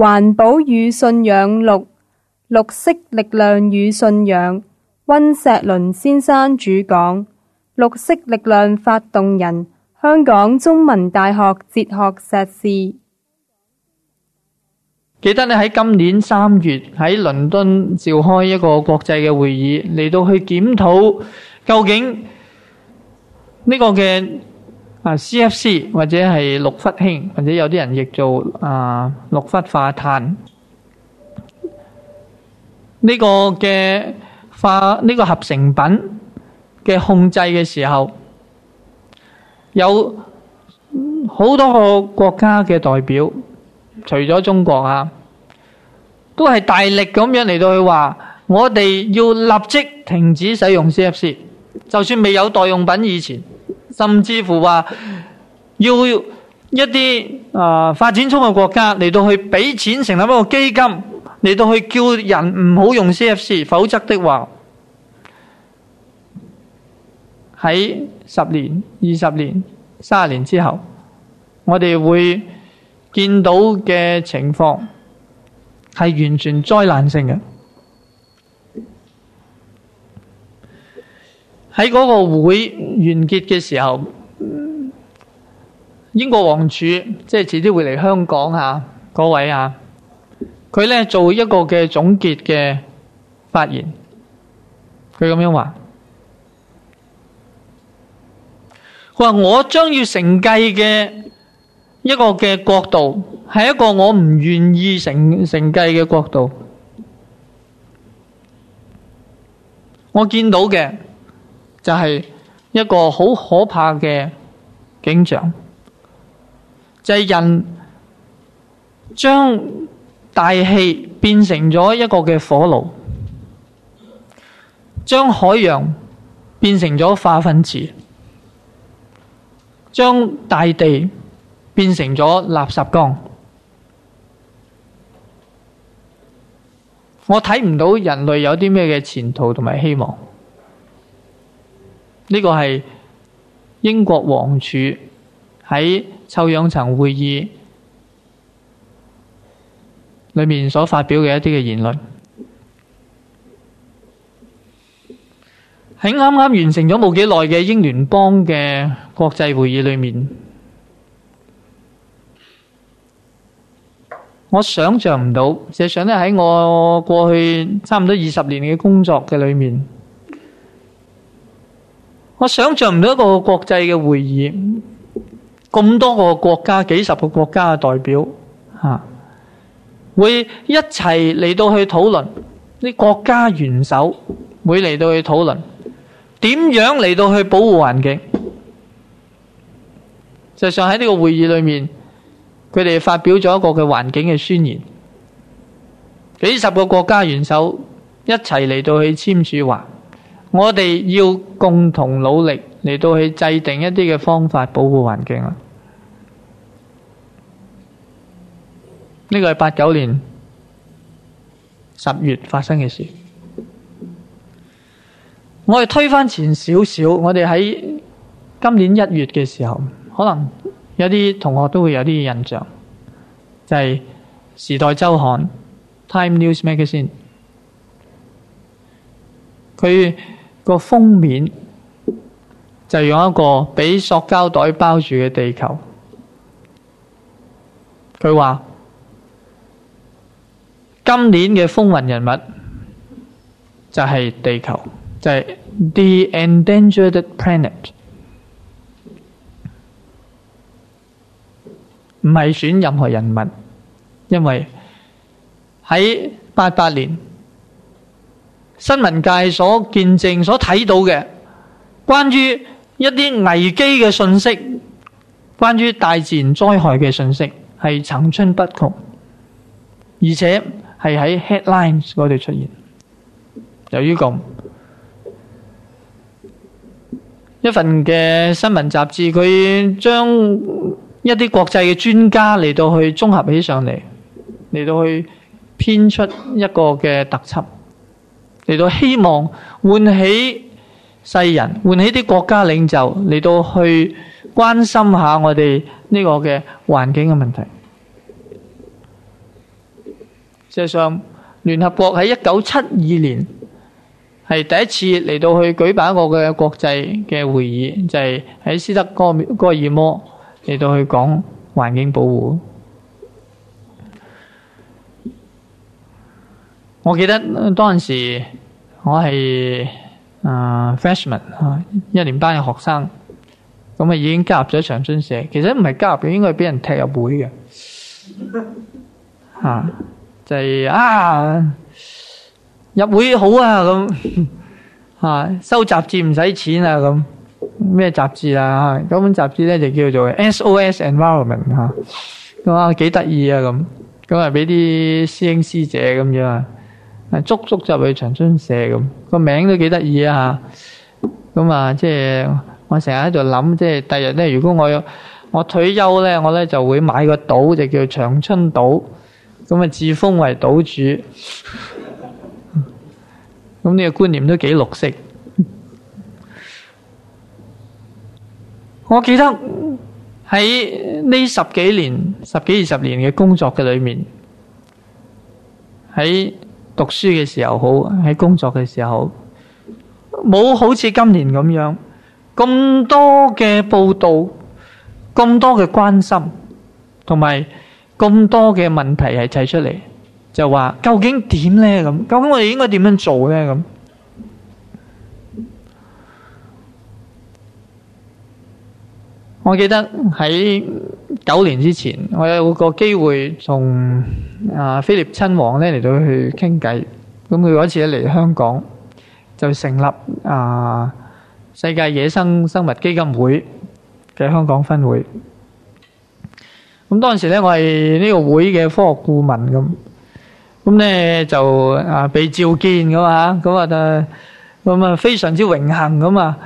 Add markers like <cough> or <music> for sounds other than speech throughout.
環保與信仰六，綠綠色力量與信仰，溫石麟先生主講，綠色力量發動人，香港中文大學哲學碩士。記得你喺今年三月喺倫敦召開一個國際嘅會議嚟到去檢討究竟呢個嘅。啊，CFC 或者係氯氟烴，或者有啲人譯做啊氯氟化碳呢，這個嘅化呢，這個合成品嘅控制嘅時候，有好多個國家嘅代表，除咗中國啊，都係大力咁樣嚟到去話，我哋要立即停止使用 CFC，就算未有代用品以前。甚至乎話要一啲啊、呃、發展中嘅國家嚟到去俾錢成立一個基金，嚟到去叫人唔好用 C F C，否則的話喺十年、二十年、三十年之後，我哋會見到嘅情況係完全災難性嘅。喺嗰個會完結嘅時候，英國王儲即係遲啲會嚟香港啊，各位啊，佢咧做一個嘅總結嘅發言，佢咁樣話：佢話我將要承繼嘅一個嘅國度，係一個我唔願意承承繼嘅國度，我見到嘅。就係一個好可怕嘅景象，就係人將大氣變成咗一個嘅火爐，將海洋變成咗化糞池，將大地變成咗垃圾缸。我睇唔到人類有啲咩嘅前途同埋希望。呢個係英國王儲喺臭氧層會議裏面所發表嘅一啲嘅言論，喺啱啱完成咗冇幾耐嘅英聯邦嘅國際會議裏面，我想象唔到，實際上咧喺我過去差唔多二十年嘅工作嘅裏面。我想象唔到一個國際嘅會議，咁多個國家、幾十個國家嘅代表，吓會一齊嚟到去討論。啲國家元首會嚟到去討論點樣嚟到去保護環境。實際上喺呢個會議裏面，佢哋發表咗一個嘅環境嘅宣言，幾十個國家元首一齊嚟到去簽署話。我哋要共同努力嚟到去制定一啲嘅方法保護環境啦。呢、這個係八九年十月發生嘅事。我哋推翻前少少，我哋喺今年一月嘅時候，可能有啲同學都會有啲印象，就係、是《時代周刊》（Time News） Magazine，佢。個封面就用一個俾塑膠袋包住嘅地球，佢話今年嘅風雲人物就係地球，就係 The Endangered Planet，唔係選任何人物，因為喺八八年。新聞界所見證、所睇到嘅，關於一啲危機嘅信息，關於大自然災害嘅信息，係層出不窮，而且係喺 headlines 嗰度出現。由於咁，一份嘅新聞雜誌，佢將一啲國際嘅專家嚟到去綜合起上嚟，嚟到去編出一個嘅特輯。嚟到希望喚起世人，喚起啲國家領袖嚟到去關心下我哋呢個嘅環境嘅問題。事實上，聯合國喺一九七二年係第一次嚟到去舉辦一個嘅國際嘅會議，就係喺斯德哥哥爾摩嚟到去講環境保護。我記得當時。我係誒、uh, freshman 吓、uh,，一年班嘅學生，咁、uh, 啊已經加入咗長春社。其實唔係加入嘅，應該係俾人踢入會嘅吓。Uh, 就係、是、啊入會好啊咁吓，uh, 收雜誌唔使錢、uh, 啊咁。咩、uh, 雜誌啊吓？本雜誌咧就叫做 SOS Environment 吓、uh, uh,，咁啊幾得意啊咁。咁啊俾啲師兄師姐咁樣。係足足就去長春社咁，個名都幾得意啊！嚇咁啊，即係我成日喺度諗，即係第日咧，如果我我退休咧，我咧就會買個島，就叫長春島，咁啊，自封為島主。咁、啊、呢個觀念都幾綠色、啊。我記得喺呢十幾年、十幾二十年嘅工作嘅裏面，喺。讀書嘅時候好，喺工作嘅時候冇好似今年咁樣咁多嘅報道，咁多嘅關心，同埋咁多嘅問題係提出嚟，就話究竟點呢？咁，究竟我哋應該點樣做呢？咁。我記得喺九年之前，我有個機會同啊菲臘親王咧嚟到去傾偈。咁佢嗰次咧嚟香港就成立啊世界野生生物基金會嘅香港分會。咁當時咧，我係呢個會嘅科學顧問咁，咁咧就啊被召見噶嘛，咁啊，咁啊非常之榮幸噶嘛。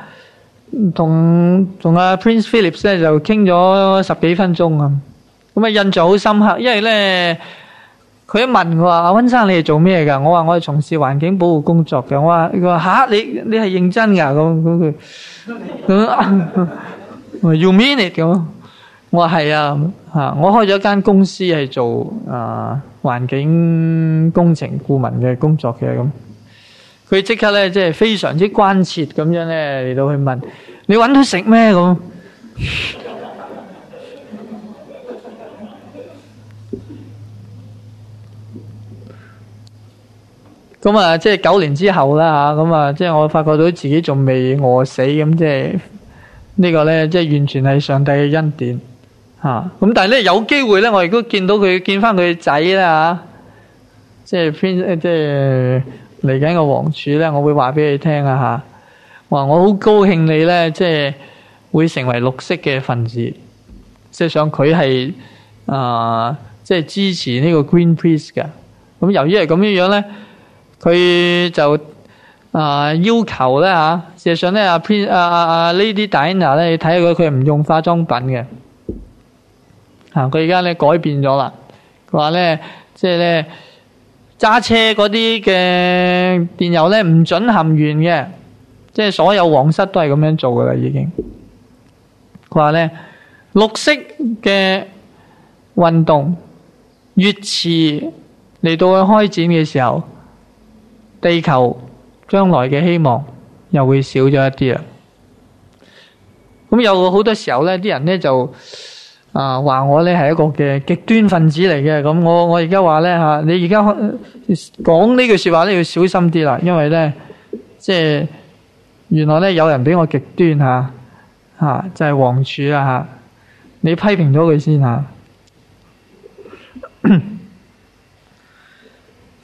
同同阿 Prince Phillips 咧就傾咗十幾分鐘啊，咁啊，印象好深刻，因為咧佢一問我話：阿溫生，你係做咩噶？我話我係從事環境保護工作嘅。我話，佢話，吓，你你係認真噶咁，咁佢咁，You mean it 咁？我話係啊吓，我開咗間公司係做啊環境工程顧問嘅工作嘅咁。佢即刻咧，即係非常之關切咁樣咧嚟到去問：你揾到食咩咁？咁啊， <laughs> 即係九年之後啦吓，咁啊，即係我發覺到自己仲未餓死咁，即係、這個、呢個咧，即係完全係上帝嘅恩典啊！咁但係咧，有機會咧，我亦都見到佢，見翻佢仔啦吓，即係、呃、即係。呃嚟緊個皇儲咧，我會話俾你聽啊嚇！哇，我好高興你咧，即係會成為綠色嘅分子。事實上，佢、呃、係、呃、啊，啊，即係支持呢個 Greenpeace 嘅。咁由於係咁樣樣咧，佢就啊要求咧嚇。事實上咧，阿 Princess Lady 戴安娜咧，你睇佢佢唔用化妝品嘅嚇。佢而家咧改變咗啦，話咧即係咧。揸車嗰啲嘅電油呢，唔准含鉛嘅，即係所有王室都係咁樣做噶啦，已經。佢話呢綠色嘅運動越遲嚟到去開展嘅時候，地球將來嘅希望又會少咗一啲啦。咁有好多時候呢啲人呢，就。啊，話我咧係一個嘅極端分子嚟嘅，咁我我而家話咧吓，你而家講呢句說話咧要小心啲啦，因為咧即係原來咧有人比我極端吓吓，啊啊，就係、是、黃柱啊吓，你批評咗佢先吓，啊。 <coughs>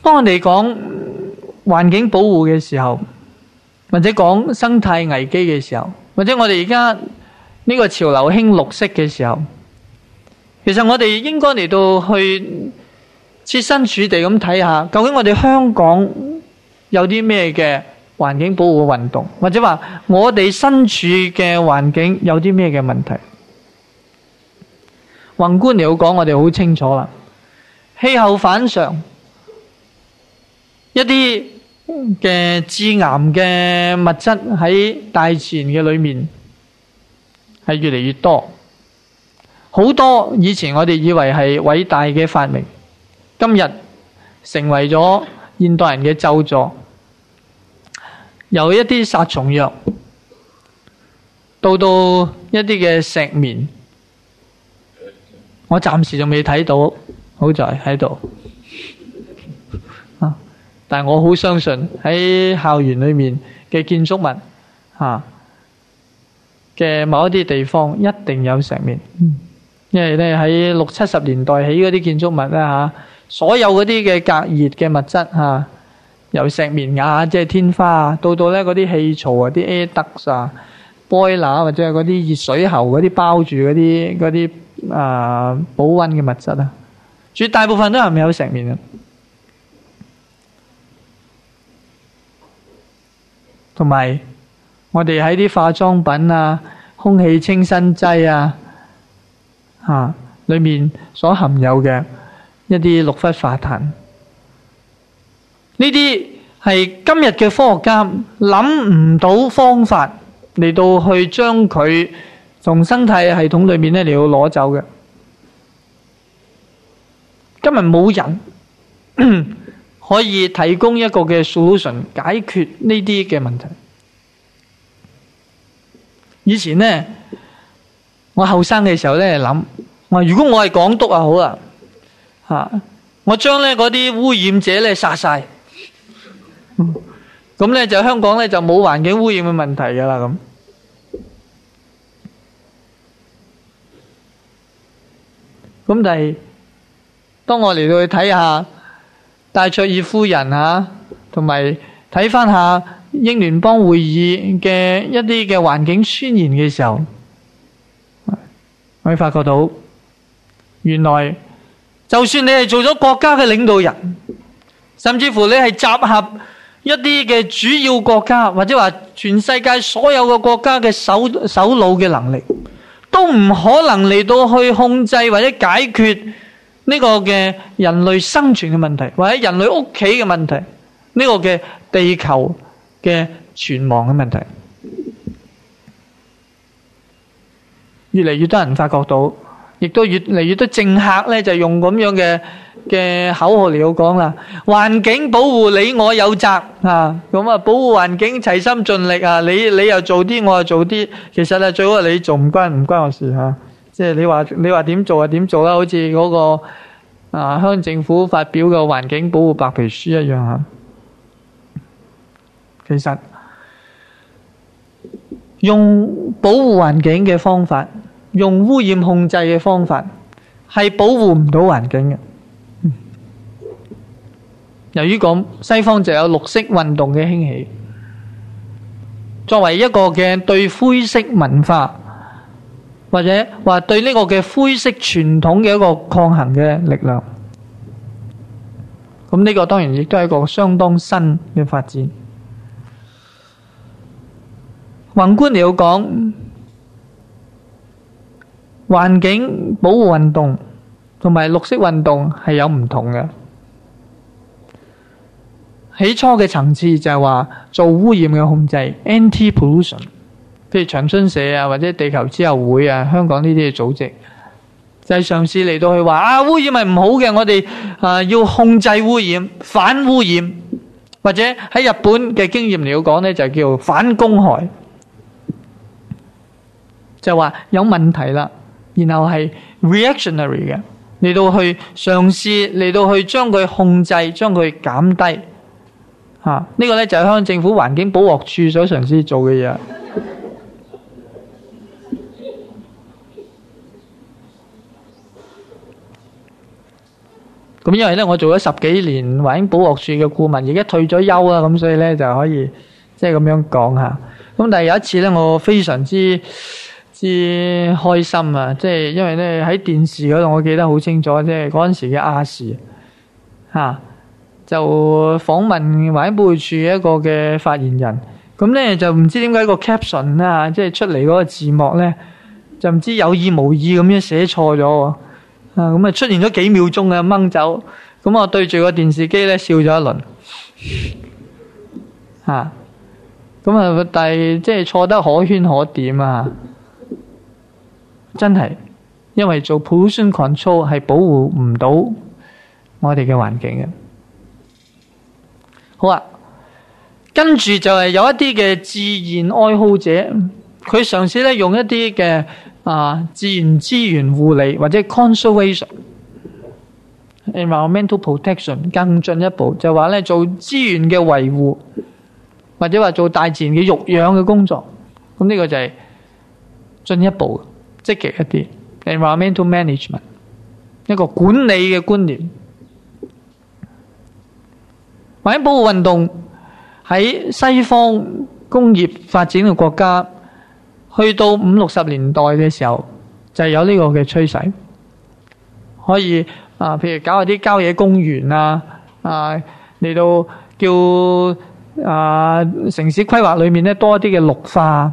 當我哋講環境保護嘅時候，或者講生態危機嘅時候，或者我哋而家呢個潮流興綠，綠色嘅時候。其實我哋應該嚟到去設身處地咁睇下，究竟我哋香港有啲咩嘅環境保護運動，或者話我哋身處嘅環境有啲咩嘅問題？宏觀嚟講，我哋好清楚啦，氣候反常，一啲嘅致癌嘅物質喺大自然嘅裏面係越嚟越多。好多以前我哋以為係偉大嘅發明，今日成為咗現代人嘅咒作。由一啲殺蟲藥到到一啲嘅石棉，我暫時仲未睇到，好在喺度。但我好相信喺校園裏面嘅建築物嚇嘅、啊、某一啲地方一定有石棉。嗯因為咧喺六七十年代起嗰啲建築物啦，吓所有嗰啲嘅隔熱嘅物質吓，由石棉瓦即係天花啊，到到咧嗰啲氣槽啊、啲 air duct 啊、boiler 或者係嗰啲熱水喉嗰啲包住嗰啲啲啊保溫嘅物質啊，絕大部分都係有石棉嘅。同埋我哋喺啲化妝品啊、空氣清新劑啊。啊！裏面所含有嘅一啲六氟化碳，呢啲係今日嘅科學家諗唔到方法嚟到去將佢從生態系統裏面咧嚟到攞走嘅。今日冇人可以提供一個嘅 solution 解決呢啲嘅問題。以前呢。我後生嘅時候咧諗，我如果我係港督啊，好啊，吓我將咧嗰啲污染者咧殺晒，咁咧、嗯、就香港咧就冇環境污染嘅問題噶啦咁。咁但係當我嚟到去睇下戴卓爾夫人啊，同埋睇翻下英聯邦會議嘅一啲嘅環境宣言嘅時候。可以發覺到，原來就算你係做咗國家嘅領導人，甚至乎你係集合一啲嘅主要國家，或者話全世界所有嘅國家嘅首首腦嘅能力，都唔可能嚟到去控制或者解決呢個嘅人類生存嘅問題，或者人類屋企嘅問題，呢個嘅地球嘅存亡嘅問題。越嚟越多人發覺到，亦都越嚟越多政客咧，就用咁樣嘅嘅口號嚟講啦。環境保護，你我有責啊！咁啊，保護環境，齊心盡力啊！你你又做啲，我又做啲，其實啊，最好係你做，唔關唔關我事吓啊。即係你話你話點做，做、那個、啊？點做啦？好似嗰個啊鄉政府發表嘅環境保護白皮書一樣吓啊。其實。用保護環境嘅方法，用污染控制嘅方法，係保護唔到環境嘅、嗯。由於咁，西方就有綠色運動嘅興起，作為一個嘅對灰色文化或者話對呢個嘅灰色傳統嘅一個抗衡嘅力量。咁、這、呢個當然亦都係一個相當新嘅發展。宏觀嚟講，環境保護運動同埋綠色運動係有唔同嘅。起初嘅層次就係話做污染嘅控制 （anti-pollution），譬如長春社啊，或者地球之友會啊，香港呢啲嘅組織就係嘗試嚟到去話啊，污染係唔好嘅，我哋啊、呃、要控制污染，反污染，或者喺日本嘅經驗嚟講呢就叫反公害。就話有問題啦，然後係 reactionary 嘅，嚟到去嘗試嚟到去將佢控制，將佢減低，吓呢、呢個呢，就係香港政府環境保護處所嘗試做嘅嘢。咁 <laughs> 因為呢，我做咗十幾年環境保護處嘅顧問，而家退咗休啦，咁所以呢，就可以即係咁樣講下。咁但係有一次呢，我非常之。之開心啊！即係因為咧喺電視嗰度，我記得好清楚，即係嗰陣時嘅亞視吓就訪問環保處，一個嘅發言人，咁咧就唔知點解個 caption 啦、啊，即係出嚟嗰個字幕咧，就唔知有意無意咁樣寫錯咗，啊咁啊、嗯、出現咗幾秒鐘嘅掹走，咁、嗯、我對住個電視機咧笑咗一輪，吓、啊，咁啊但係即係錯得可圈可點啊！真係，因為做 pollution control 係保護唔到我哋嘅環境嘅。好啊，跟住就係有一啲嘅自然愛好者，佢嘗試咧用一啲嘅啊自然資源護理或者 conservation environmental protection 更進一步，就話咧做資源嘅維護，或者話做大自然嘅育養嘅工作。咁呢個就係進一步。積極一啲，environmental management 一個管理嘅觀念。環境保護運動喺西方工業發展嘅國家，去到五六十年代嘅時候，就是、有呢個嘅趨勢，可以啊、呃，譬如搞下啲郊野公園啊，啊、呃、嚟到叫啊、呃、城市規劃裏面咧多一啲嘅綠化。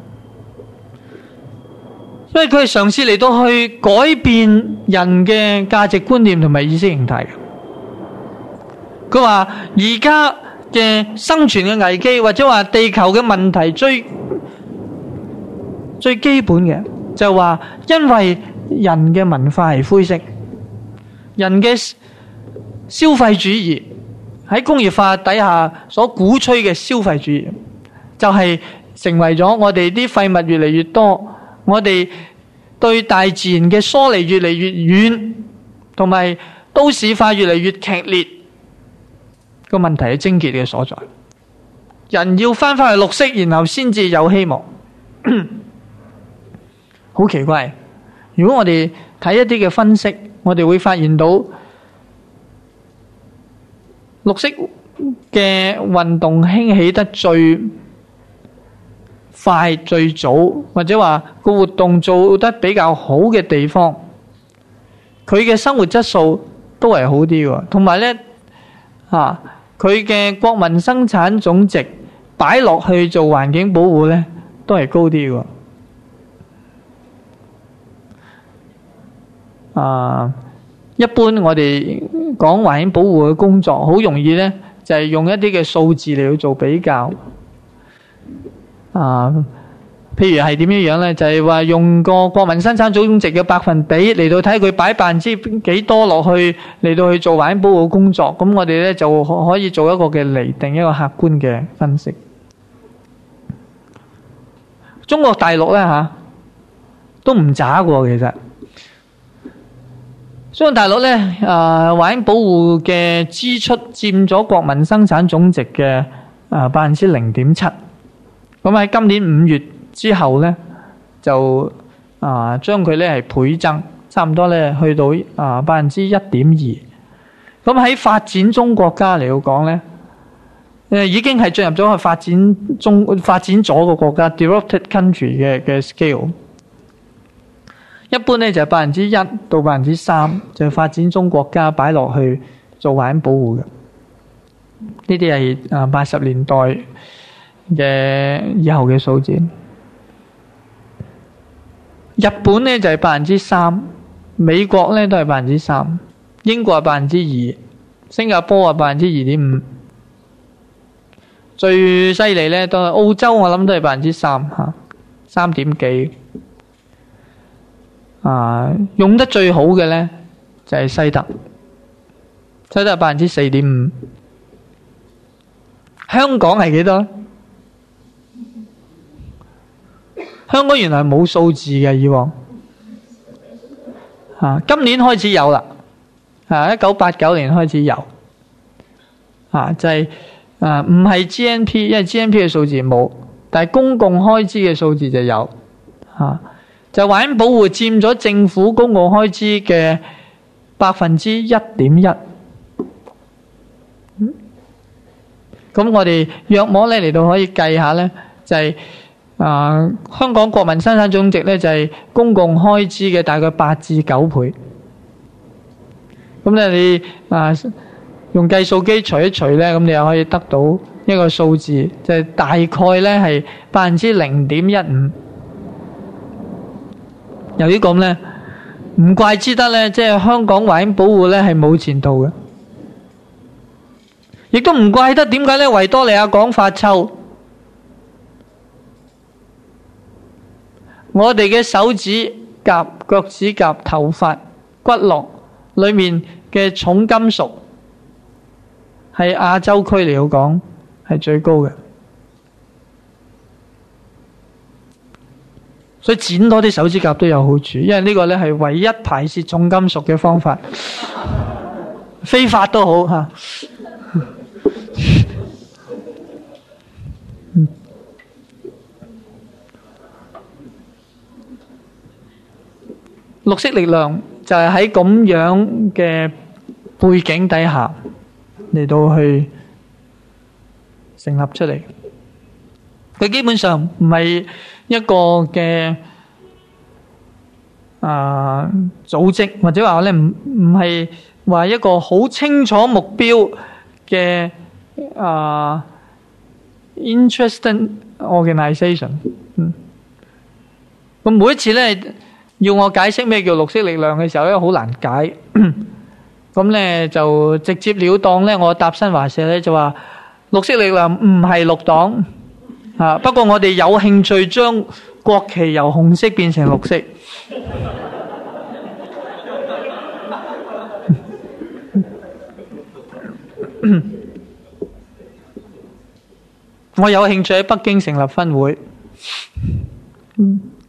因為佢係嘗試嚟到去改變人嘅價值觀念同埋意識形態嘅。佢話而家嘅生存嘅危機或者話地球嘅問題最最基本嘅就係話，因為人嘅文化係灰色，人嘅消費主義喺工業化底下所鼓吹嘅消費主義，就係成為咗我哋啲廢物越嚟越多。我哋對大自然嘅疏離越嚟越遠，同埋都市化越嚟越劇烈，個問題係癥結嘅所在。人要翻返去綠色，然後先至有希望。好 <coughs> 奇怪！如果我哋睇一啲嘅分析，我哋會發現到綠色嘅運動興起得最。快最早或者話個活動做得比較好嘅地方，佢嘅生活質素都係好啲嘅，同埋呢，啊，佢嘅國民生產總值擺落去做環境保護呢，都係高啲嘅。啊，一般我哋講環境保護嘅工作，好容易呢，就係用一啲嘅數字嚟去做比較。啊，譬如係點樣樣咧？就係、是、話用個國民生產總值嘅百分比嚟到睇佢擺百分之幾多落去嚟到去做環境保護工作，咁我哋呢就可以做一個嘅釐定一個客觀嘅分析。中國大陸呢，吓、啊，都唔渣噶，其實中國大陸呢，誒、啊，環境保護嘅支出佔咗國民生產總值嘅、啊、百分之零點七。咁喺今年五月之後呢，就啊將佢呢係倍增，差唔多呢去到啊百分之一點二。咁喺、啊、發展中國家嚟講呢，誒、呃、已經係進入咗個發展中發展咗嘅國家 （developed country） 嘅嘅 scale。一般呢，就係百分之一到百分之三，就發展中國家擺落去做環保護嘅。呢啲係啊八十年代。嘅以後嘅數字，日本呢就係百分之三，美國呢都係百分之三，英國係百分之二，新加坡係百分之二點五，最犀利呢都係澳洲我，我諗都係百分之三吓，三點幾。啊，用得最好嘅呢就係西德，西德係百分之四點五，香港係幾多？香港原來冇數字嘅以往，吓、啊，今年開始有啦，吓、啊，一九八九年開始有，吓、啊，就係、是，啊，唔係 GNP，因為 GNP 嘅數字冇，但係公共開支嘅數字就有，吓、啊，就環、是、境保護佔咗政府公共開支嘅百分之一點一，嗯，咁我哋若摸你嚟到可以計下呢，就係、是。啊、呃，香港國民生產總值咧就係、是、公共開支嘅大概八至九倍，咁咧你啊、呃、用計數機除一除咧，咁你又可以得到一個數字，就係、是、大概咧係百分之零點一五。由於咁咧，唔怪之得咧，即、就、係、是、香港環境保護咧係冇前途嘅，亦都唔怪得點解咧維多利亞港發臭。我哋嘅手指甲、腳趾甲、頭髮、骨骼裏面嘅重金屬，係亞洲區嚟講係最高嘅，所以剪多啲手指甲都有好處，因為呢個呢係唯一排泄重金屬嘅方法，非法都好嚇。綠色力量就係喺咁樣嘅背景底下嚟到去成立出嚟。佢基本上唔係一個嘅啊組織，或者話咧唔唔係話一個好清楚目標嘅啊 interesting organization。嗯，咁每一次咧，要我解釋咩叫綠色力量嘅時候咧，好難解。咁呢 <coughs> 就直接了當呢，我搭新華社呢就話：綠色力量唔係綠黨啊，不過我哋有興趣將國旗由紅色變成綠色。 <coughs> 我有興趣喺北京成立分會。 <coughs>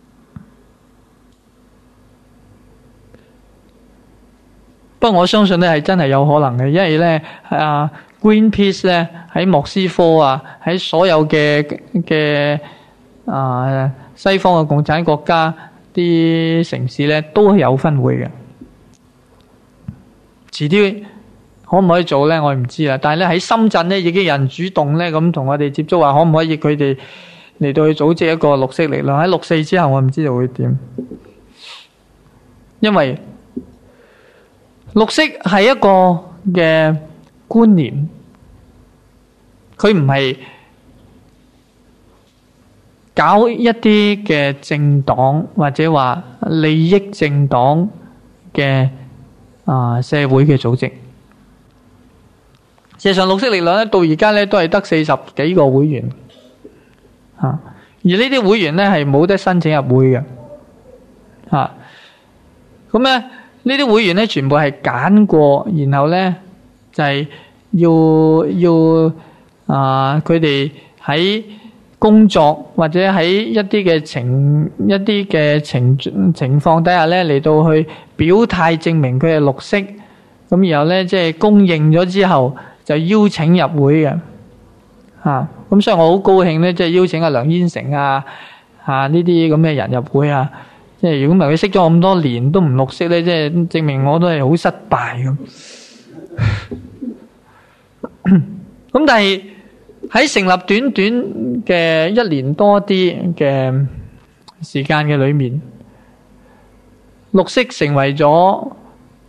不過我相信咧係真係有可能嘅，因為咧啊，Greenpeace 咧喺莫斯科啊，喺所有嘅嘅啊西方嘅共產國家啲城市咧都係有分會嘅。遲啲可唔可以做咧？我唔知啦。但係咧喺深圳咧已經有人主動咧咁同我哋接觸話，可唔可以佢哋嚟到去組織一個綠色力量？喺六四之後，我唔知道會點，因為。綠色係一個嘅觀念，佢唔係搞一啲嘅政黨或者話利益政黨嘅啊社會嘅組織。事實上，綠色力量咧到而家咧都係得四十幾個會員，吓、啊，而呢啲會員咧係冇得申請入會嘅，吓、啊，咁咧。呢啲會員咧，全部係揀過，然後咧就係、是、要要啊，佢哋喺工作或者喺一啲嘅情一啲嘅情情況底下咧嚟到去表態證明佢係綠色，咁然後咧即係公認咗之後，就邀請入會嘅，嚇、啊！咁所以我好高興咧，即、就、係、是、邀請阿梁燕成啊啊呢啲咁嘅人入會啊！即係如果唔係佢識咗我咁多年都唔綠色咧，即係證明我都係好失敗咁。咁 <laughs> 但係喺成立短短嘅一年多啲嘅時間嘅裏面，綠色成為咗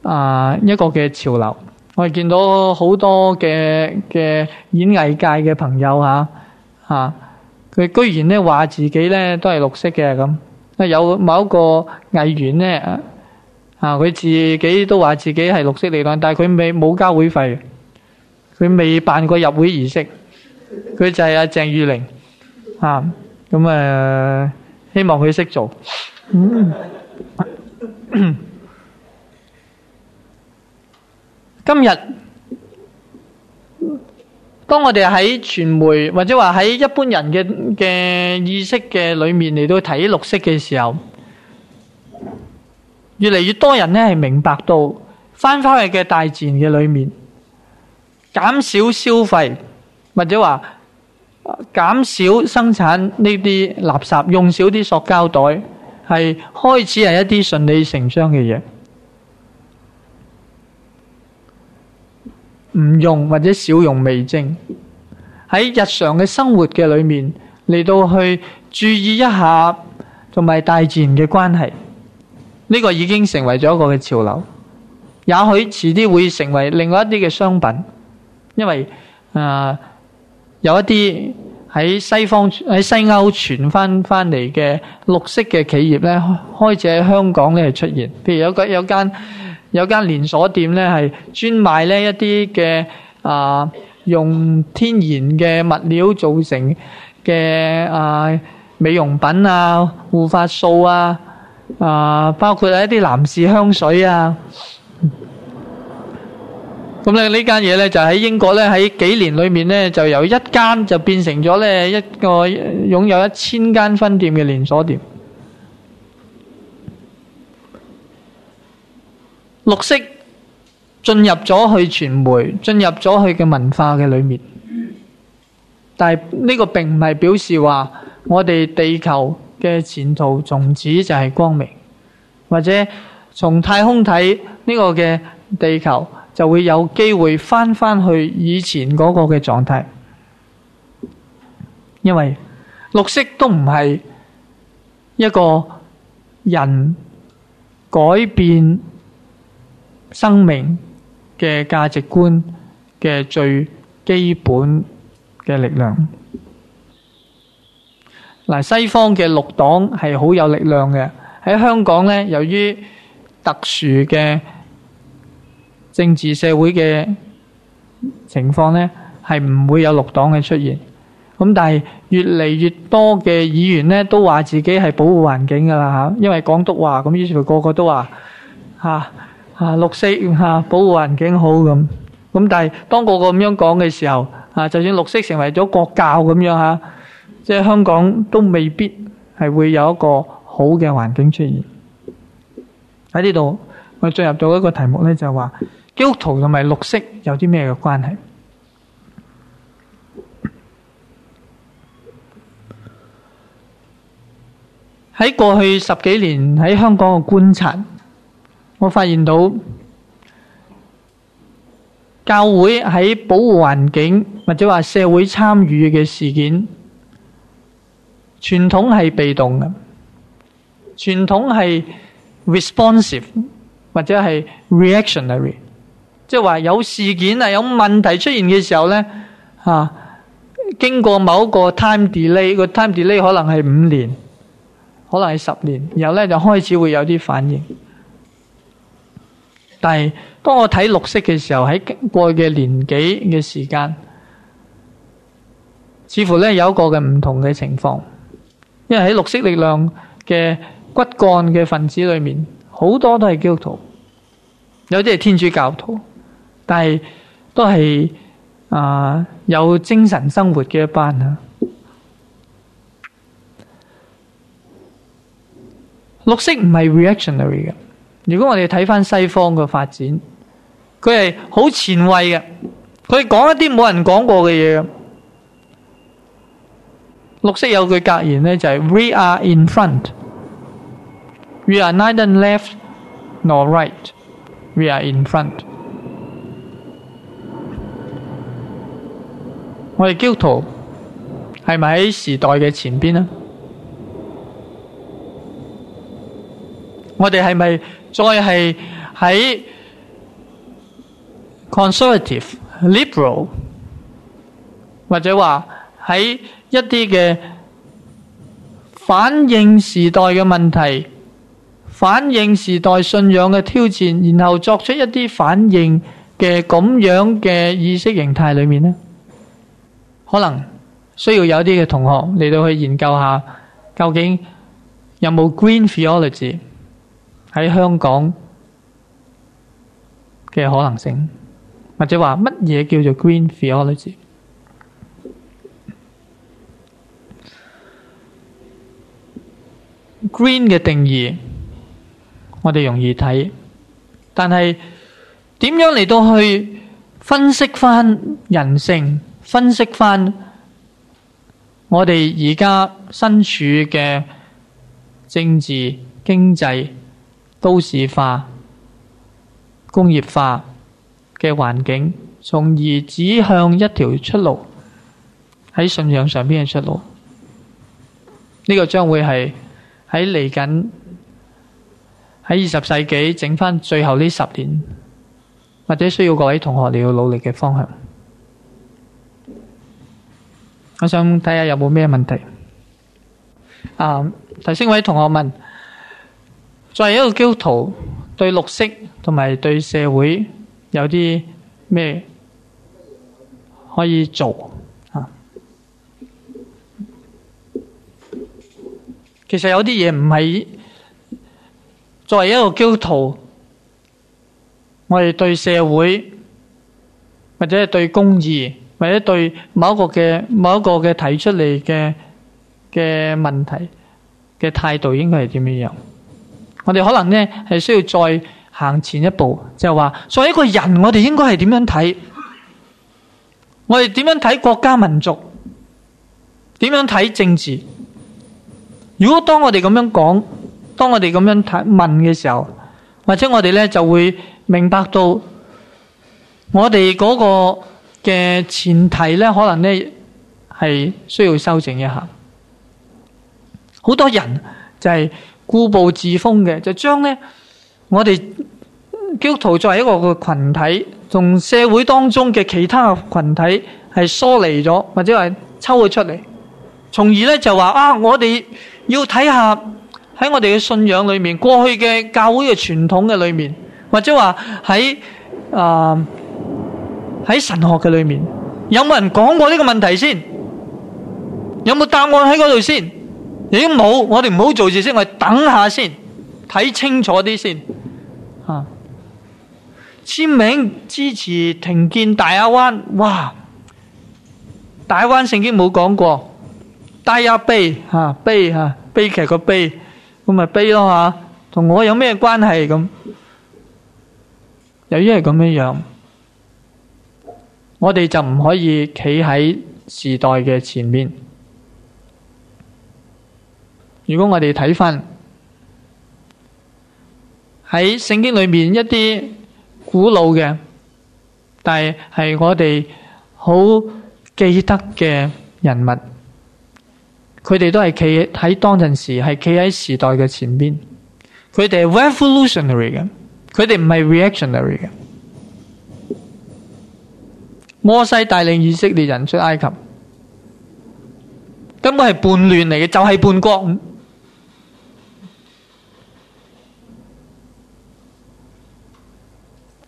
啊一個嘅潮流。我哋見到好多嘅嘅演藝界嘅朋友嚇嚇，佢居然咧話自己咧都係綠色嘅咁。有某一個藝員呢，啊佢自己都話自己係綠色力量，但係佢未冇交會費，佢未辦過入會儀式，佢就係阿、啊、鄭裕玲，啊咁啊希望佢識做。嗯、 <coughs> 今日。當我哋喺傳媒或者話喺一般人嘅嘅意識嘅裏面嚟到睇綠色嘅時候，越嚟越多人呢係明白到翻返去嘅大自然嘅裏面，減少消費或者話減少生產呢啲垃圾，用少啲塑膠袋，係開始係一啲順理成章嘅嘢。唔用或者少用味精，喺日常嘅生活嘅裏面嚟，到去注意一下，同埋大自然嘅關係，呢、這個已經成為咗一個嘅潮流。也許遲啲會成為另外一啲嘅商品，因為啊、呃、有一啲喺西方喺西歐傳翻翻嚟嘅綠色嘅企業咧，開始喺香港咧出現，譬如有個，有間。有間連鎖店咧，係專賣呢一啲嘅啊，用天然嘅物料做成嘅啊、呃，美容品啊、護髮素啊，啊、呃，包括一啲男士香水啊。咁、嗯、咧呢間嘢咧就喺英國咧喺幾年裏面咧就由一間就變成咗咧一個擁有一千間分店嘅連鎖店。綠色進入咗去傳媒，進入咗佢嘅文化嘅裏面。但係呢個並唔係表示話我哋地球嘅前途從此就係光明，或者從太空睇呢個嘅地球就會有機會翻返去以前嗰個嘅狀態。因為綠色都唔係一個人改變。生命嘅價值觀嘅最基本嘅力量。嗱，啊，西方嘅綠黨係好有力量嘅。喺香港呢，由於特殊嘅政治社會嘅情況呢，係唔會有綠黨嘅出現。咁但係越嚟越多嘅議員呢，都話自己係保護環境㗎啦嚇。因為港督話咁，於是乎個個都話嚇。啊啊！綠色嚇，保護環境好咁咁，但係當個個咁樣講嘅時候，啊，就算綠色成為咗國教咁樣嚇，即係香港都未必係會有一個好嘅環境出現。喺呢度，我進入咗一個題目呢，就係話基督徒同埋綠色有啲咩嘅關係？喺過去十幾年喺香港嘅觀察。我發現到教會喺保護環境或者話社會參與嘅事件，傳統係被動嘅。傳統係 responsive 或者係 reactionary，即係話有事件啊，有問題出現嘅時候咧，嚇、啊、經過某一個 time delay，個 time delay 可能係五年，可能係十年，然後呢就開始會有啲反應。但係，當我睇綠色嘅時候，喺過去嘅年紀嘅時間，似乎咧有一個嘅唔同嘅情況。因為喺綠色力量嘅骨幹嘅分子裏面，好多都係基督徒，有啲係天主教徒，但係都係啊、呃、有精神生活嘅一班啊。綠色唔係 reactionary 嘅。如果我哋睇翻西方嘅發展，佢係好前衞嘅，佢講一啲冇人講過嘅嘢。綠色有句格言咧，就係 We are in front, We are neither left nor right, We are in front。我哋基督徒係咪喺時代嘅前邊啊？我哋係咪？再係喺 conservative、liberal 或者話喺一啲嘅反映時代嘅問題、反映時代信仰嘅挑戰，然後作出一啲反應嘅咁樣嘅意識形態裏面呢，可能需要有啲嘅同學嚟到去研究下，究竟有冇 green theology？喺香港嘅可能性，或者話乜嘢叫做 green theology？green 嘅定義我哋容易睇，但係點樣嚟到去分析翻人性，分析翻我哋而家身處嘅政治經濟？都市化、工業化嘅環境，從而指向一條出路，喺信仰上邊嘅出路。呢、這個將會係喺嚟緊喺二十世紀剩返最後呢十年，或者需要各位同學你要努力嘅方向。我想睇下有冇咩問題。啊，頭先位同學問。作為一個基督徒，對綠色同埋對社會有啲咩可以做啊？其實有啲嘢唔係作為一個基督徒，我哋對社會或者係對公義，或者對某一個嘅某一個嘅提出嚟嘅嘅問題嘅態度，應該係點樣？我哋可能呢係需要再行前一步，就話、是、作為一個人，我哋應該係點樣睇？我哋點樣睇國家民族？點樣睇政治？如果當我哋咁樣講，當我哋咁樣睇問嘅時候，或者我哋呢就會明白到我哋嗰個嘅前提呢，可能呢係需要修正一下。好多人就係、是。固步自封嘅，就將咧我哋基督徒作為一個個群體，同社會當中嘅其他群體係疏離咗，或者話抽咗出嚟，從而咧就話啊，我哋要睇下喺我哋嘅信仰裏面，過去嘅教會嘅傳統嘅裏面，或者話喺啊喺神學嘅裏面，有冇人講過呢個問題先？有冇答案喺嗰度先？你都冇，我哋唔好做住先，我哋等下先，睇清楚啲先。啊，簽名支持停建大亞灣，哇！大亞灣聖經冇講過，大亞悲，吓悲吓悲劇個悲，咁、啊、咪悲咯吓，同、啊、我有咩關係咁？由於係咁樣樣，我哋就唔可以企喺時代嘅前面。如果我哋睇翻喺聖經裏面一啲古老嘅，但係係我哋好記得嘅人物，佢哋都係企喺當陣時係企喺時代嘅前邊，佢哋係 revolutionary 嘅，佢哋唔係 reactionary 嘅。摩西帶領以色列人出埃及，根本係叛亂嚟嘅，就係、是、叛國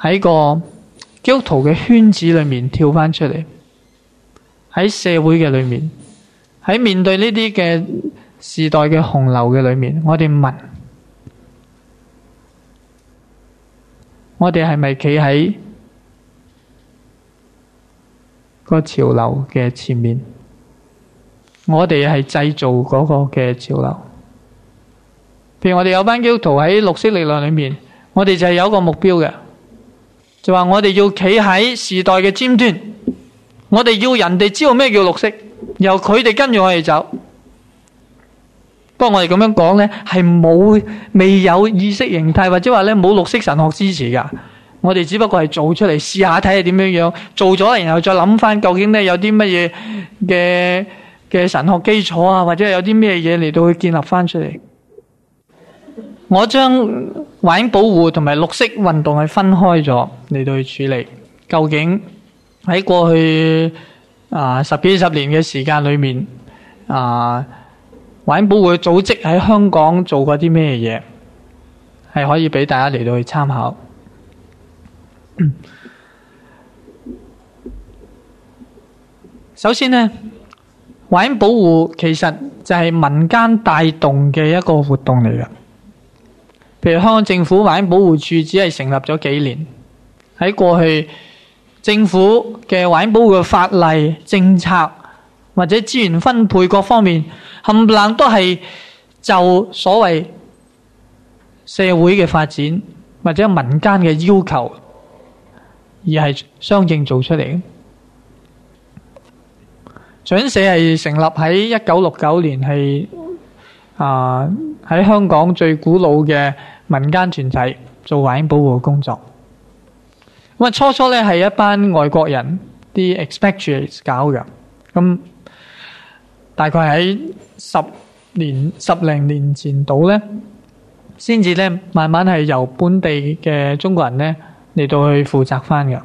喺個基督徒嘅圈子裏面跳翻出嚟，喺社會嘅裏面，喺面對呢啲嘅時代嘅洪流嘅裏面，我哋問：我哋係咪企喺個潮流嘅前面？我哋係製造嗰個嘅潮流。譬如我哋有班基督徒喺綠色力量裏面，我哋就係有一個目標嘅。就話我哋要企喺時代嘅尖端，我哋要人哋知道咩叫綠色，由佢哋跟住我哋走。不過我哋咁樣講呢，係冇未有意識形態或者話呢冇綠色神學支持噶我哋只不過係做出嚟試下睇係點樣樣，做咗然後再諗翻究竟呢有啲乜嘢嘅嘅神學基礎啊，或者有啲咩嘢嚟到去建立翻出嚟。我將環保護同埋綠色運動係分開咗嚟到去處理。究竟喺過去啊、呃、十幾十年嘅時間裏面，啊、呃、環保護組織喺香港做過啲咩嘢係可以俾大家嚟到去參考，嗯？首先呢，環保護其實就係民間帶動嘅一個活動嚟嘅。譬如香港政府環境保護處只係成立咗幾年，喺過去政府嘅環境保護嘅法例、政策或者資源分配各方面，冚唪唥都係就所謂社會嘅發展或者民間嘅要求而係相應做出嚟嘅。長春社係成立喺一九六九年，係啊喺香港最古老嘅。民間團體做環境保護工作，咁啊初初咧係一班外國人啲 expatriates 搞嘅，咁、嗯、大概喺十年十零年前到咧，先至咧慢慢係由本地嘅中國人咧嚟到去負責翻嘅。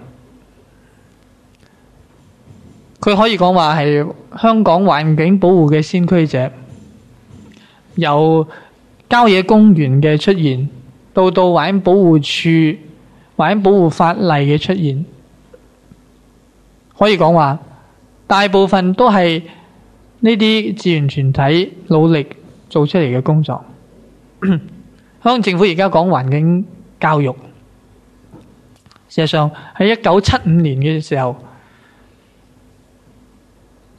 佢可以講話係香港環境保護嘅先驅者，有。郊野公園嘅出現，到到環保護處、環保護法例嘅出現，可以講話大部分都係呢啲自然團體努力做出嚟嘅工作。香港 <coughs> 政府而家講環境教育，事實上喺一九七五年嘅時候。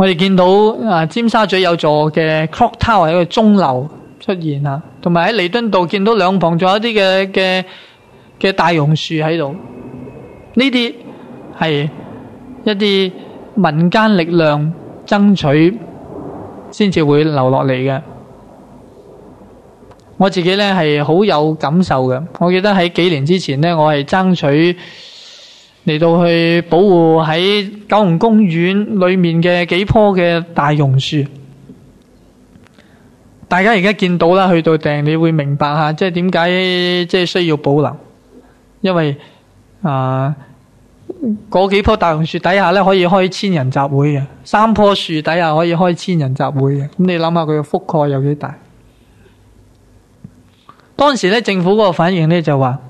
我哋見到啊，尖沙咀有座嘅 Clock Tower，有個鐘樓出現啊，同埋喺彌敦道見到兩旁仲有一啲嘅嘅嘅大榕樹喺度，呢啲係一啲民間力量爭取先至會留落嚟嘅。我自己呢係好有感受嘅，我記得喺幾年之前呢，我係爭取，嚟到去保護喺九龍公園裏面嘅幾棵嘅大榕樹，大家而家見到啦，去到定你會明白下，即係點解即係需要保留，因為啊嗰、呃、幾棵大榕樹底下咧可以開千人集會嘅，三棵樹底下可以開千人集會嘅，咁你諗下佢嘅覆蓋有幾大？當時咧政府個反應咧就話、是。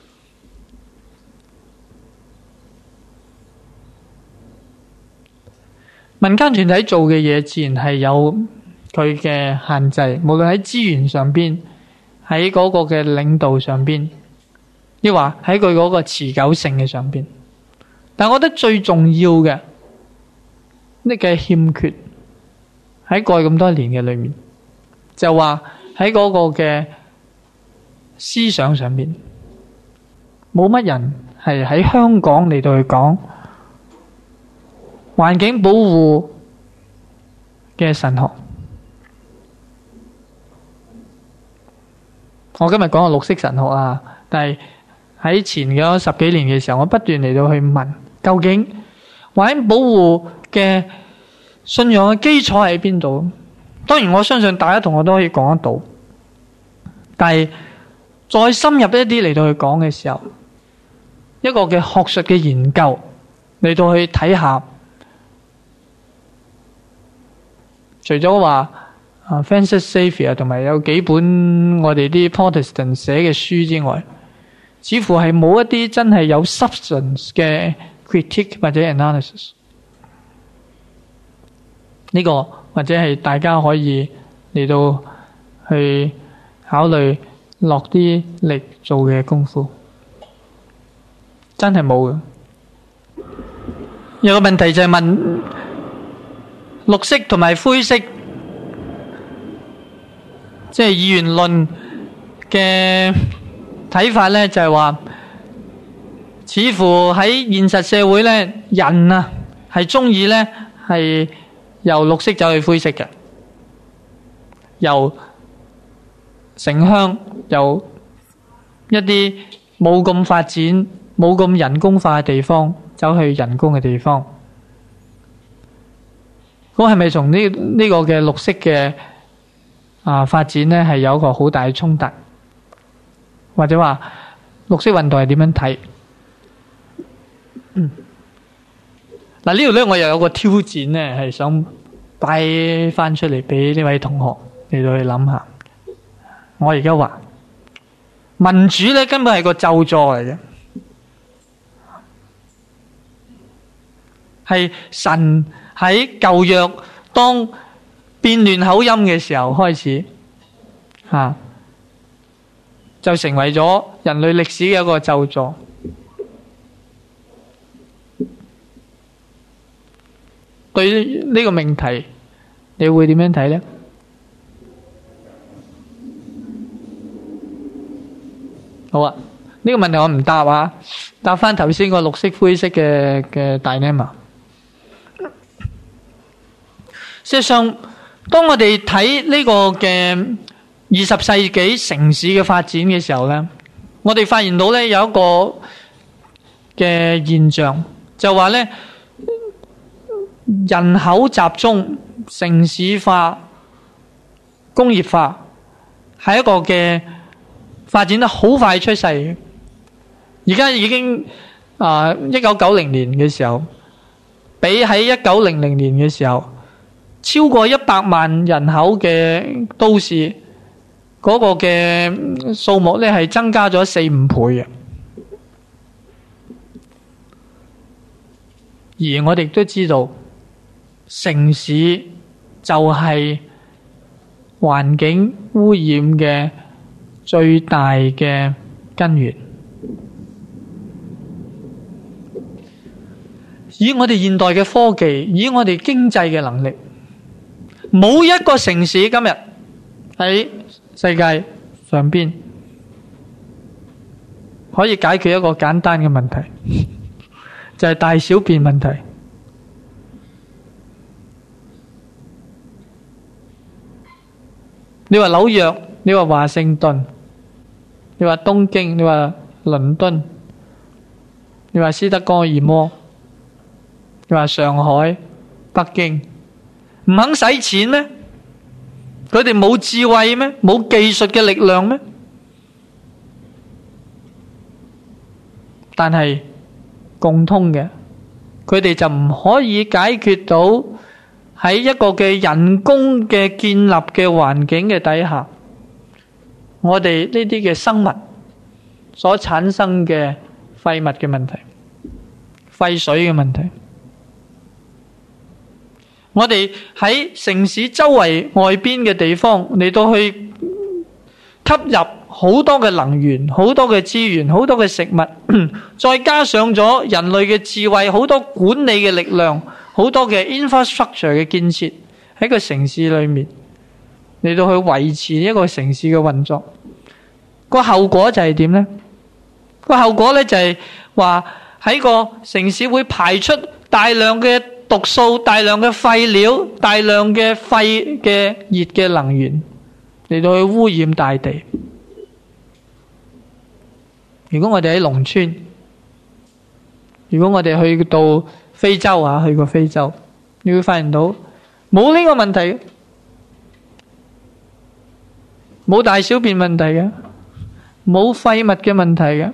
民間團體做嘅嘢，自然係有佢嘅限制，無論喺資源上邊，喺嗰個嘅領導上邊，亦話喺佢嗰個持久性嘅上邊。但我覺得最重要嘅，呢、這個欠缺喺過去咁多年嘅裏面，就話喺嗰個嘅思想上邊，冇乜人係喺香港嚟到去講。環境保護嘅神學，我今日講個綠色神學啊！但係喺前嗰十幾年嘅時候，我不斷嚟到去問，究竟環境保護嘅信仰嘅基礎喺邊度？當然我相信大家同我都可以講得到，但係再深入一啲嚟到去講嘅時候，一個嘅學術嘅研究嚟到去睇下。除咗話啊 Francis Xavier 同埋有幾本我哋啲 Protestant 寫嘅書之外，似乎係冇一啲真係有 substance 嘅 critic 或者 analysis。呢、這個或者係大家可以嚟到去考慮落啲力做嘅功夫，真係冇嘅。有個問題就係問。綠色同埋灰色，即係二元論嘅睇法呢，就係話，似乎喺現實社會呢，人啊係中意呢，係由綠色走去灰色嘅，由城鄉由一啲冇咁發展、冇咁人工化嘅地方，走去人工嘅地方。我係咪從呢呢個嘅綠色嘅啊發展咧，係有一個好大嘅衝突，或者話綠色運動係點樣睇？嗯，嗱呢度咧，我又有一個挑戰呢係想擺翻出嚟俾呢位同學嚟到去諗下。我而家話民主咧，根本係個咒助嚟嘅，係神。喺舊約當變亂口音嘅時候開始，啊就成為咗人類歷史嘅一個咒座。對於呢個命題，你會點樣睇呢？好啊，呢個問題我唔答啊，答返頭先個綠色灰色嘅嘅大呢嘛。即上，當我哋睇呢個嘅二十世紀城市嘅發展嘅時候呢，我哋發現到呢有一個嘅現象，就話、是、呢人口集中、城市化、工業化係一個嘅發展得好快嘅趨勢。而家已經啊一九九零年嘅時候，比喺一九零零年嘅時候。超過一百萬人口嘅都市，嗰個嘅數目咧係增加咗四五倍嘅。而我哋都知道，城市就係環境污染嘅最大嘅根源。以我哋現代嘅科技，以我哋經濟嘅能力。冇一個城市今日喺世界上邊可以解決一個簡單嘅問題，就係大小便問題。你話紐約，你話華盛頓，你話東京，你話倫敦，你話斯德哥爾摩，你話上海、北京。唔肯使錢咩？佢哋冇智慧咩？冇技術嘅力量咩？但係共通嘅，佢哋就唔可以解決到喺一個嘅人工嘅建立嘅環境嘅底下，我哋呢啲嘅生物所產生嘅廢物嘅問題、廢水嘅問題。我哋喺城市周圍外邊嘅地方，嚟到去吸入好多嘅能源、好多嘅資源、好多嘅食物， <coughs> 再加上咗人類嘅智慧、好多管理嘅力量、好多嘅 infrastructure 嘅建設喺個城市裏面，嚟到去維持一個城市嘅運作。那個後果就係點咧？那個後果咧就係話喺個城市會排出大量嘅。毒素、大量嘅廢料、大量嘅廢嘅熱嘅能源嚟到去污染大地。如果我哋喺農村，如果我哋去到非洲啊，去過非洲，你會發現到冇呢個問題，冇大小便問題嘅，冇廢物嘅問題嘅。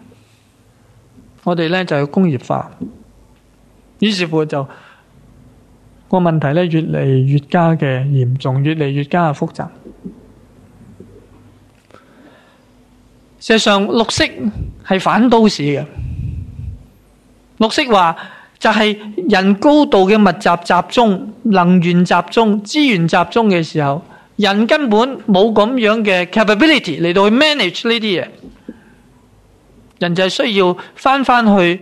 我哋咧就要工業化，於是乎就個問題咧越嚟越加嘅嚴重，越嚟越加嘅複雜。事實上，綠色係反都市嘅。綠色話就係人高度嘅密集集中、能源集中、資源集中嘅時候，人根本冇咁樣嘅 capability 嚟到去 manage 呢啲嘢。人就需要翻翻去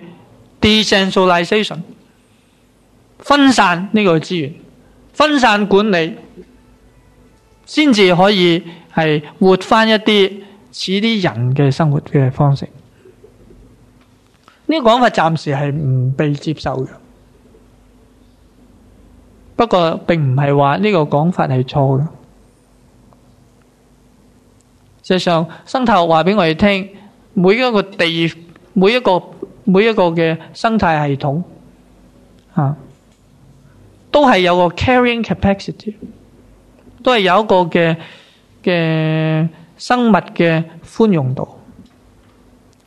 decentralization，分散呢個資源，分散管理，先至可以係活翻一啲似啲人嘅生活嘅方式。呢個講法暫時係唔被接受嘅，不過並唔係話呢個講法係錯嘅。事實上，生態學話俾我哋聽。每一個地，每一個每一個嘅生態系統，啊，都係有個 carrying capacity，都係有一個嘅嘅生物嘅寬容度。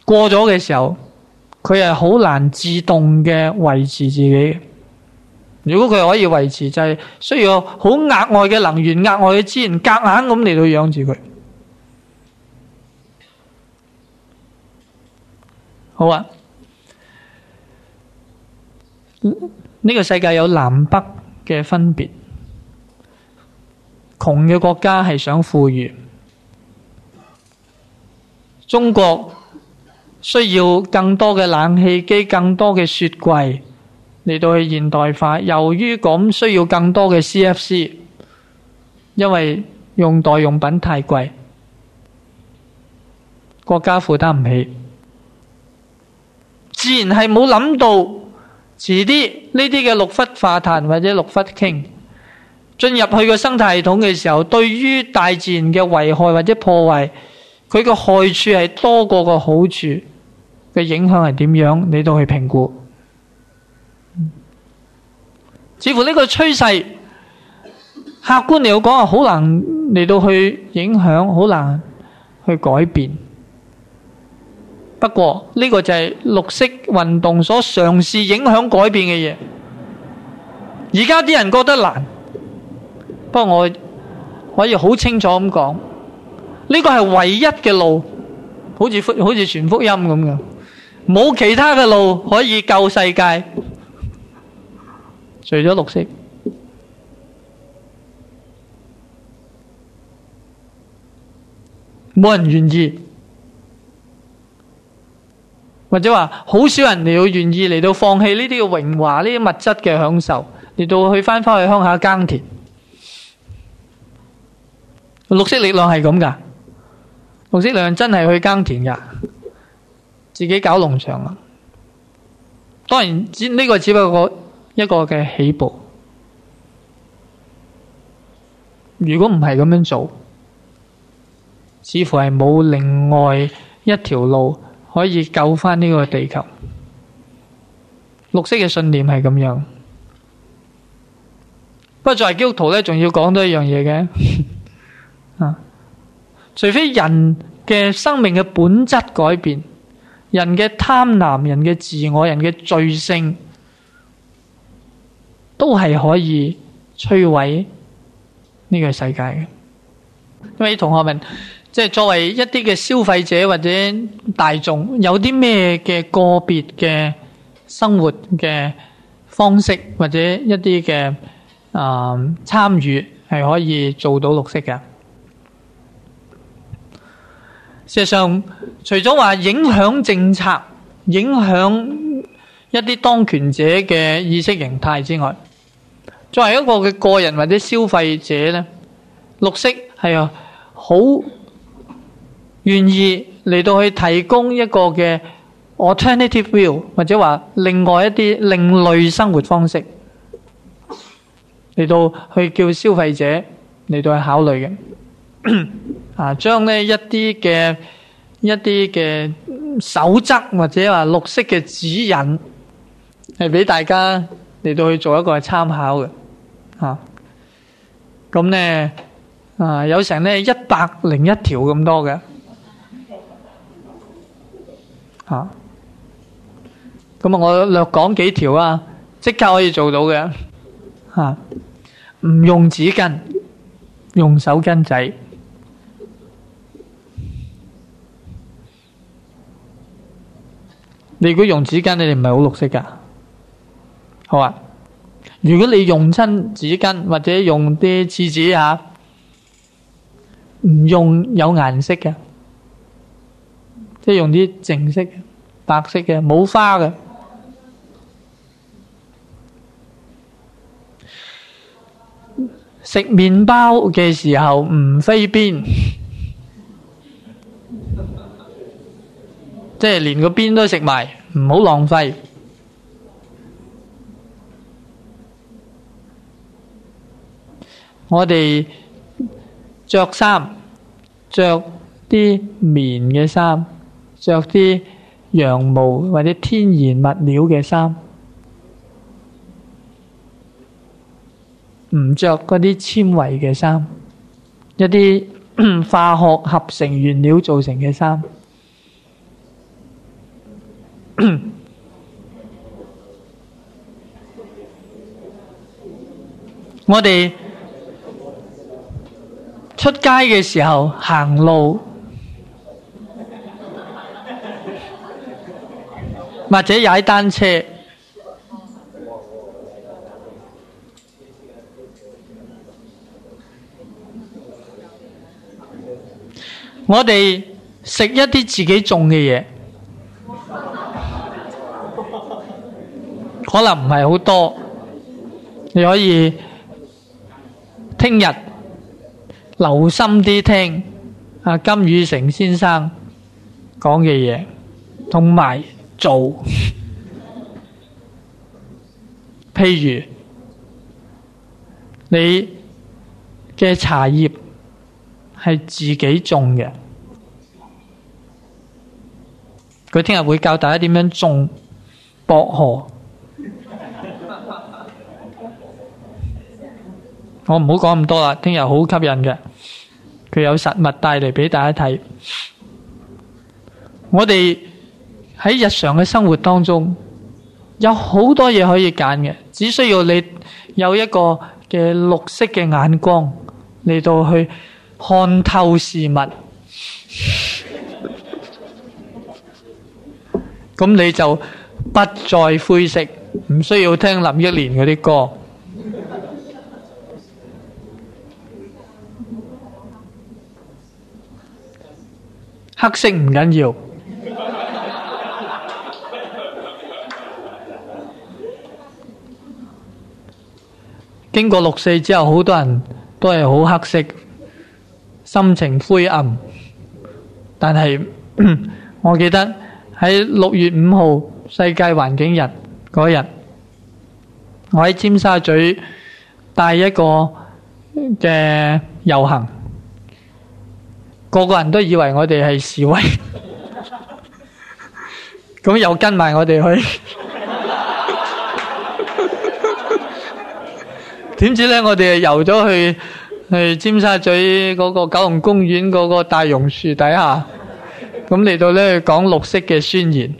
過咗嘅時候，佢係好難自動嘅維持自己。如果佢可以維持，就係、是、需要好額外嘅能源、額外嘅資源，夾硬咁嚟到養住佢。好啊！呢、這個世界有南北嘅分別，窮嘅國家係想富裕，中國需要更多嘅冷氣機、更多嘅雪櫃嚟到去現代化。由於咁需要更多嘅 CFC，因為用代用品太貴，國家負擔唔起。自然係冇諗到遲啲呢啲嘅六氟化碳或者六氟傾進入佢個生態系統嘅時候，對於大自然嘅危害或者破壞，佢個害處係多過個好處嘅，影響係點樣？你都去評估，似乎呢個趨勢客觀嚟講係好難嚟到去影響，好難去改變。不過呢個就係綠色運動所嘗試影響改變嘅嘢，而家啲人覺得難。不過我可以好清楚咁講，呢個係唯一嘅路，好似福好似全福音咁樣，冇其他嘅路可以救世界，除咗綠色，冇人願意。或者話好少人嚟到願意嚟到放棄呢啲嘅榮華、呢啲物質嘅享受嚟到去返返去鄉下耕田。綠色力量係咁噶綠色力量真係去耕田噶，自己搞農場啊！當然，只呢個只不過一個嘅起步。如果唔係咁樣做，似乎係冇另外一條路。可以救翻呢個地球，綠色嘅信念係咁樣。不過作為基督徒咧，仲要講多一樣嘢嘅， <laughs> 啊，除非人嘅生命嘅本質改變，人嘅貪婪、人嘅自我、人嘅罪性，都係可以摧毀呢個世界嘅。因為同學們。即係作為一啲嘅消費者或者大眾，有啲咩嘅個別嘅生活嘅方式或者一啲嘅啊參與係可以做到綠色嘅。事實上，除咗話影響政策，影響一啲當權者嘅意識形態之外，作為一個嘅個人或者消費者咧，綠色係啊好。願意嚟到去提供一個嘅 alternative view，或者話另外一啲另類生活方式嚟到去叫消費者嚟到去考慮嘅， <coughs> 啊，將呢一啲嘅一啲嘅守則或者話綠色嘅指引係俾大家嚟到去做一個參考嘅，啊，咁呢，啊，有成呢一百零一條咁多嘅。吓，咁啊，我略講幾條啊，即刻可以做到嘅，吓、啊，唔用紙巾，用手巾仔。你如果用紙巾，你哋唔係好綠色噶，好啊。如果你用親紙巾或者用啲廁紙吓，唔、啊、用有顏色嘅。即係用啲淨色、白色嘅，冇花嘅。食麪包嘅時候唔飛邊，即係連個邊都食埋，唔好浪費。我哋著衫，著啲棉嘅衫。着啲羊毛或者天然物料嘅衫，唔着嗰啲纖維嘅衫，一啲 <coughs> 化學合成原料造成嘅衫。 <coughs> 我哋出街嘅時候行路。或者踩單車，我哋食一啲自己種嘅嘢，可能唔係好多。你可以聽日留心啲聽阿金宇成先生講嘅嘢，同埋。做，譬如你嘅茶葉係自己種嘅，佢聽日會教大家點樣種薄荷。 <laughs> 我唔好講咁多啦，聽日好吸引嘅，佢有實物帶嚟俾大家睇。我哋。喺日常嘅生活當中，有好多嘢可以揀嘅，只需要你有一個嘅綠色嘅眼光嚟到去看透事物，咁 <laughs> 你就不再灰色，唔需要聽林憶蓮嗰啲歌， <laughs> 黑色唔緊要。經過六四之後，好多人都係好黑色，心情灰暗。但係我記得喺六月五號世界環境日嗰日，我喺尖沙咀帶一個嘅遊行，個個人都以為我哋係示威，咁 <laughs> 又跟埋我哋去。點知咧？我哋遊咗去去尖沙咀嗰個九龍公園嗰個大榕樹底下，咁嚟 <laughs> 到咧，講綠色嘅宣言。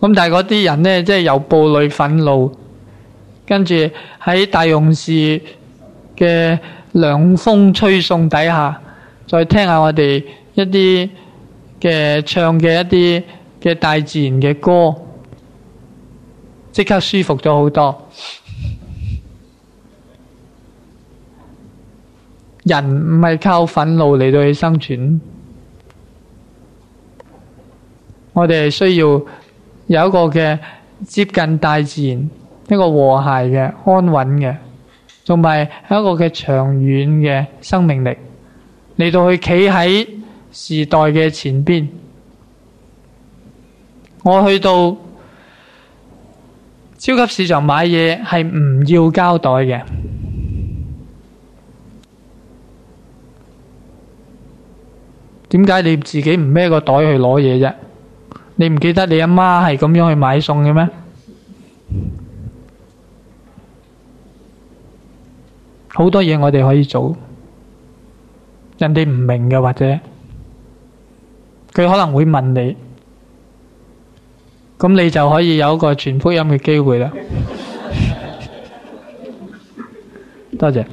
咁但係嗰啲人咧，即係由暴戾憤怒，跟住喺大榕樹嘅涼風吹送底下，再聽下我哋一啲嘅唱嘅一啲嘅大自然嘅歌。即刻舒服咗好多。人唔係靠憤怒嚟到去生存，我哋需要有一個嘅接近大自然、一個和諧嘅安穩嘅，同埋一個嘅長遠嘅生命力嚟到去企喺時代嘅前邊。我去到。超級市場買嘢係唔要膠袋嘅，點解你自己唔孭個袋去攞嘢啫？你唔記得你阿媽係咁樣去買餸嘅咩？好 <laughs> 多嘢我哋可以做，人哋唔明嘅或者，佢可能會問你。咁你就可以有一個全福音嘅機會啦。 <laughs> 多謝。